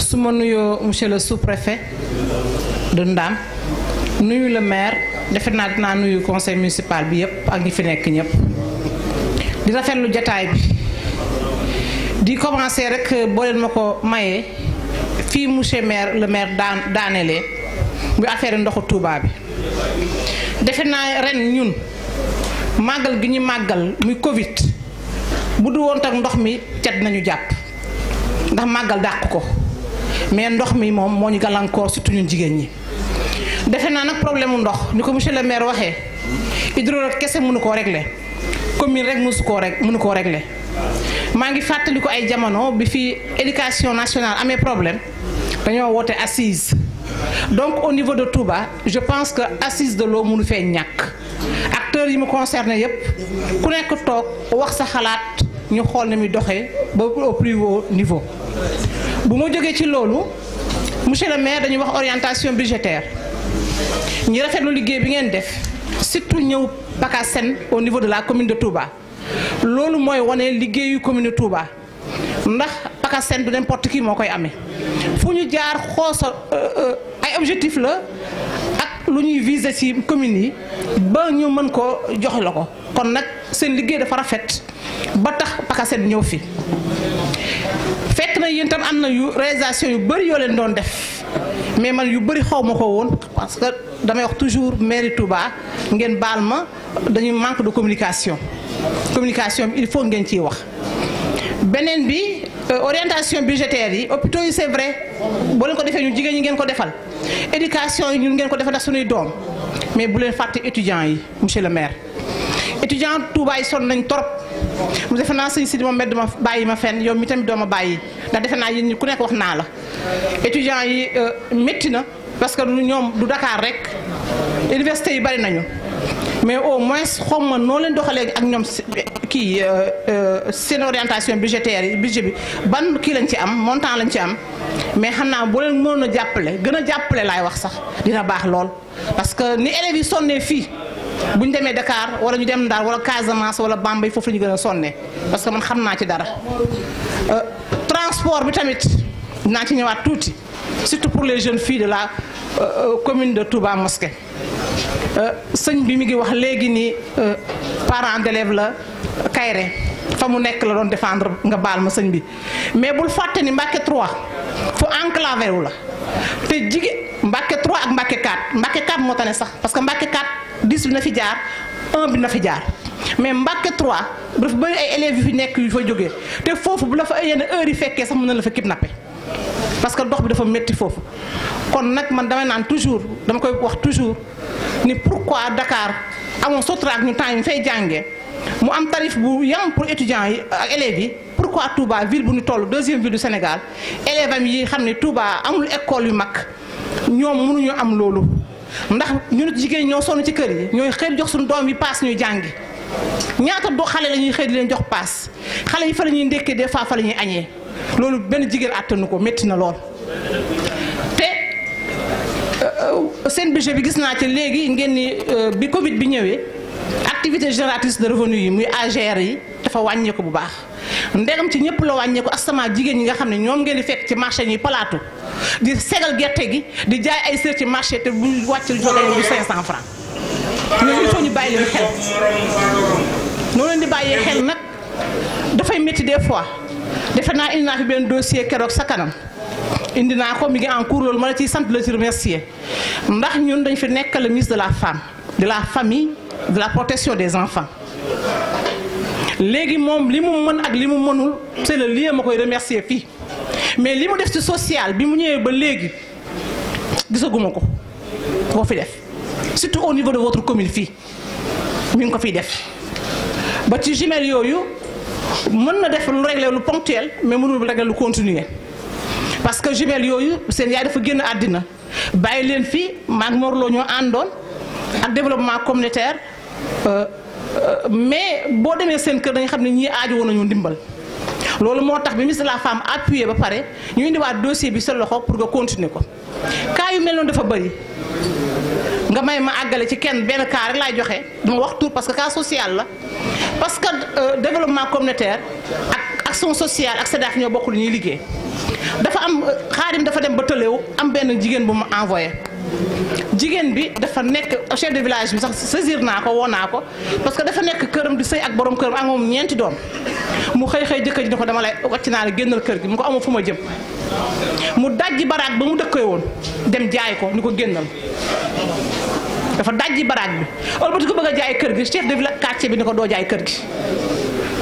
su ma nuyoo monsieur le sous-préfet de nuyu le defe naa nuyu conseil municipal bi yëpp ak ñi fi nekk ñëpp di rafetlu jataay bi di commencer rek boo ma ko mayee fii monsieur maire lemaire maire daan muy affaire ndoxu Touba bi defe naa ren ñun màggal gi ñu màggal muy Covid bu du woon tak ndox mi cet nañu jàpp ndax màggal dàq ko mais ndox mi moom moo ñu gàllankoor surtout ñun jigéen ñi. defe naa nag problème mu ndox ni ko monsieur le maire waxee hydraulique kese mënu koo regle commune rek mësu koo rek mënu koo regle maa ngi fàttali ko ay jamono bi fi éducation nationale amee problème dañoo woote assise donc au niveau de Touba je pense que assise de l'eau mënu fee ñàkk acteurs yi mu concerné yépp ku nekk toog wax sa xalaat ñu xool na mi doxee ba au plus haut niveau bu ma jógee ci loolu monsieur le maire dañuy wax orientation budgétaire ñu rafetlu liggéey bi ngeen def surtout ñëw Pacasen au niveau de la commune de Touba loolu mooy wane liggéeyu commune de Touba ndax Pacasen du n'importe qui moo koy amee fu ñu jaar xoosa euh, euh, ay objectif la lu ñuy viser ci communes yi ba ñu mën koo jox la ko kon nag seen liggéey dafa rafet ba tax Pacasen ñëw fii fekk na yéen tam am na yu réalisation yu bëri yoo leen doon def mais man yu bëri xaw ma ko woon parce que damay wax toujours mairie Touba ngeen baal ma dañuy manque de communication communication bi il faut ngeen ciy wax beneen bi Euh, orientation budgétaire yi hôpitaux yi c'est vrai boo leen ko defee ñu jigéen ñi ngeen ko defal éducation yi ñu ngeen ko defal ndax suñuy doom mais bu leen fàtte étudiants yi monsieur le maire étudiant Touba yi sonn nañ trop mu defe naa sëñ si moom medd ma bàyyi ma fen yow mi tamit doo ma bàyyi ndax defe naa yéen ñi ku nekk wax naa la étudiants yi euh, métti na parce que ñoom du Dakar rek université yi bari nañu mais au moins xaw ma noo leen doxalee ak ñoom kii euh, euh, seen orientation budgétaire yi budget bi ban kii lañ ci am montant lañ ci am mais xam naa boo leen mënoon a jàppale gën a jàppale laay wax sax dina baax lool parce que ni élèves yi sonnee fii. bu ñu demee Dakar wala ñu dem Ndar wala Casamance wala Bambey foofu la ñu gën a sonne parce que man xam naa ci dara euh, transport bi tamit naa ci ñëwaat tuuti surtout pour les jeunes filles de la commune de Touba Mosquée. Euh, sëñ bi mi ngi wax léegi nii euh, parent d'élève la Kayre fa mu nekk la doon defendre nga baal ma sëñ bi mais bul fàtte ni Mbàkke 3 fu enclavé wu la te jigéen Mbàkke 3 ak Mbàkke 4 Mbàkke 4 moo tane sax parce que Mbàkke 4 10 bi na fi jaar 1 bi na fi jaar mais Mbàkke 3 dafa bëri ay élèves yu fi nekk yu fa jógee te foofu bu la fa yenn heure yi fekkee sax mën na la fa kidnappé. parce que dox bi dafa métti foofu kon nag man damay naan toujours dama koy wax toujours ni pourquoi Dakar amoon sotraak ñu temps yi ñu fay jàngee mu am tarif bu yam pour étudiants yi ak élèves yi pourquoi Touba ville bu ñu tollu deuxième ville du Sénégal élèves am yi xam ne Touba amul école yu mag ñoom mënuñu am loolu ndax ñun jigéen ñoo sonn ci kër yi ñooy xëy jox suñu doom yi paas ñuy jàngi ñaata do xale la ñuy xëy leen jox paas xale yi fa ñuy ndékkee des fois la ñuy añee. loolu benn jigéen àttanu ko métti na lool te euh, seen budget bi gis naa ci léegi ngeen ni euh, bi Covid bi ñëwee activité génératrice de revenu yi muy AGR yi dafa wàññeeku bu baax ndegam ci ñëpp la wàññeeku asama jigéen ñi nga xam ne ñoom ngeen di fekk ci marché ñuy palaatu di segal gerte gi di jaay ay sër ci marché te bu ñu wàccul joxe bu 500 francs ñooñu il faut ñu bàyyi leen xel noo leen di bàyyee xel nag dafay métti des fois. defe naa indi naa fi benn dossier keroog sa kanam indi naa ko mi ngi en cours loolu ma la ciy sant la ci remercier ndax ñun dañu fi nekk le ministre de la femme de la famille de la protection des enfants léegi moom li mu mën ak li mu mënul c'est le lieu ma koy remercier fii mais li mu def ci sociale bi mu ñëwee ba léegi gisaguma ko boo fi def surtout au niveau de votre commune fii mi ngi ko fiy def ba ci jumelle yooyu. mën na def lu régler lu ponctuel mais mënul régler lu continuer parce que jumelle yooyu seen yaay dafa génn àddina bàyyi leen fii maag Mor Lo ñoo àndoon ak développement communautaire euh, euh, mais boo demee seen kër dañu xam ne ñii aaju woon nañu ndimbal loolu moo tax bi ministre de la femme appuyé ba pare ñu indiwaat dossier bi sa loxo pour nga continuer ko cas yu mel noonu dafa bëri nga may ma àggale ci kenn benn cas rek laay joxe duma wax tur parce que cas social la parce que euh, développement communautaire ak action sociale ak SEDAF ñoo bokk lu ñuy liggéey dafa am xaarim euh, dafa dem ba tëlew am benn jigéen bu mu envoyé jigéen bi dafa nekk chef de village bi sax saisir naa ko woo naa ko parce que dafa nekk këram di sëy ak boroom këram ak moom ñeenti doom mu xëy xëy jëkkër ji ne ko dama lay wàcc naa la génnal kër gi mu ko amoo fu ma jëm mu dajji baraag ba mu dëkkee woon dem jaay ko ni ko génnal dafa dajji baraaj bi wala ko bëgg a jaay kër gi chef de village quartier bi ni ko doo jaay kër gi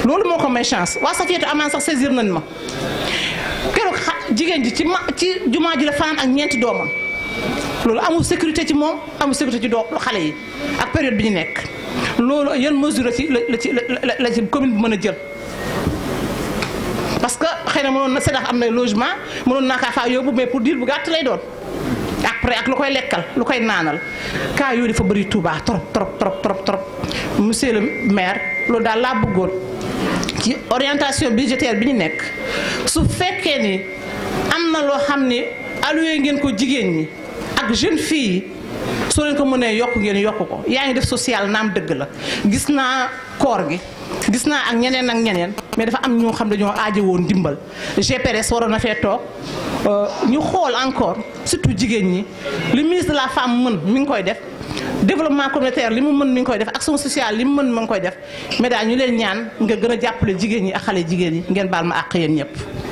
loolu moo ko may chance waa Safiyetu amaan sax saisir nañ ma keroog jigéen ji ci ma ci jumaa ji la fanaan ak ñeenti doomam loolu amul sécurité ci moom amul sécurité ci doo xale yi ak période bi ñu nekk loolu yan mesure la ci la ci la commune bi mën a jël parce que xëy na mënoon na SEDAF am na logement mënoon naa kaa faa yóbbu mais pour diir bu gàtt lay doon après ak lu koy lekkal lu koy naanal kaa yooyu dafa bëri Touba trop trop trop trop trop monsieur maire loolu daal laa bëggoon ci orientation budgétaire bi ñu nekk su fekkee ni am na loo xam ni alloué ngeen ko jigéen ñi ak jeune fii yi soo leen ko mënee yokk ngeen yokk ko yaa ngi def social naam dëgg la gis naa koor gi gis naa ak ñeneen ak ñeneen mais dafa am ñoo xam dañoo aajo woon dimbal GPRS waroon na fee toog euh, ñu xool encore surtout jigéen ñi li ministre de la femme mën mi ngi koy def développement communautaire li mu mën mi ngi koy def action sociale li mu mën ma ngi koy def mais daal ñu leen ñaan nga gën a jàppale jigéen ñi a xale jigéen ñi ngeen baal ma àq yéen ñëpp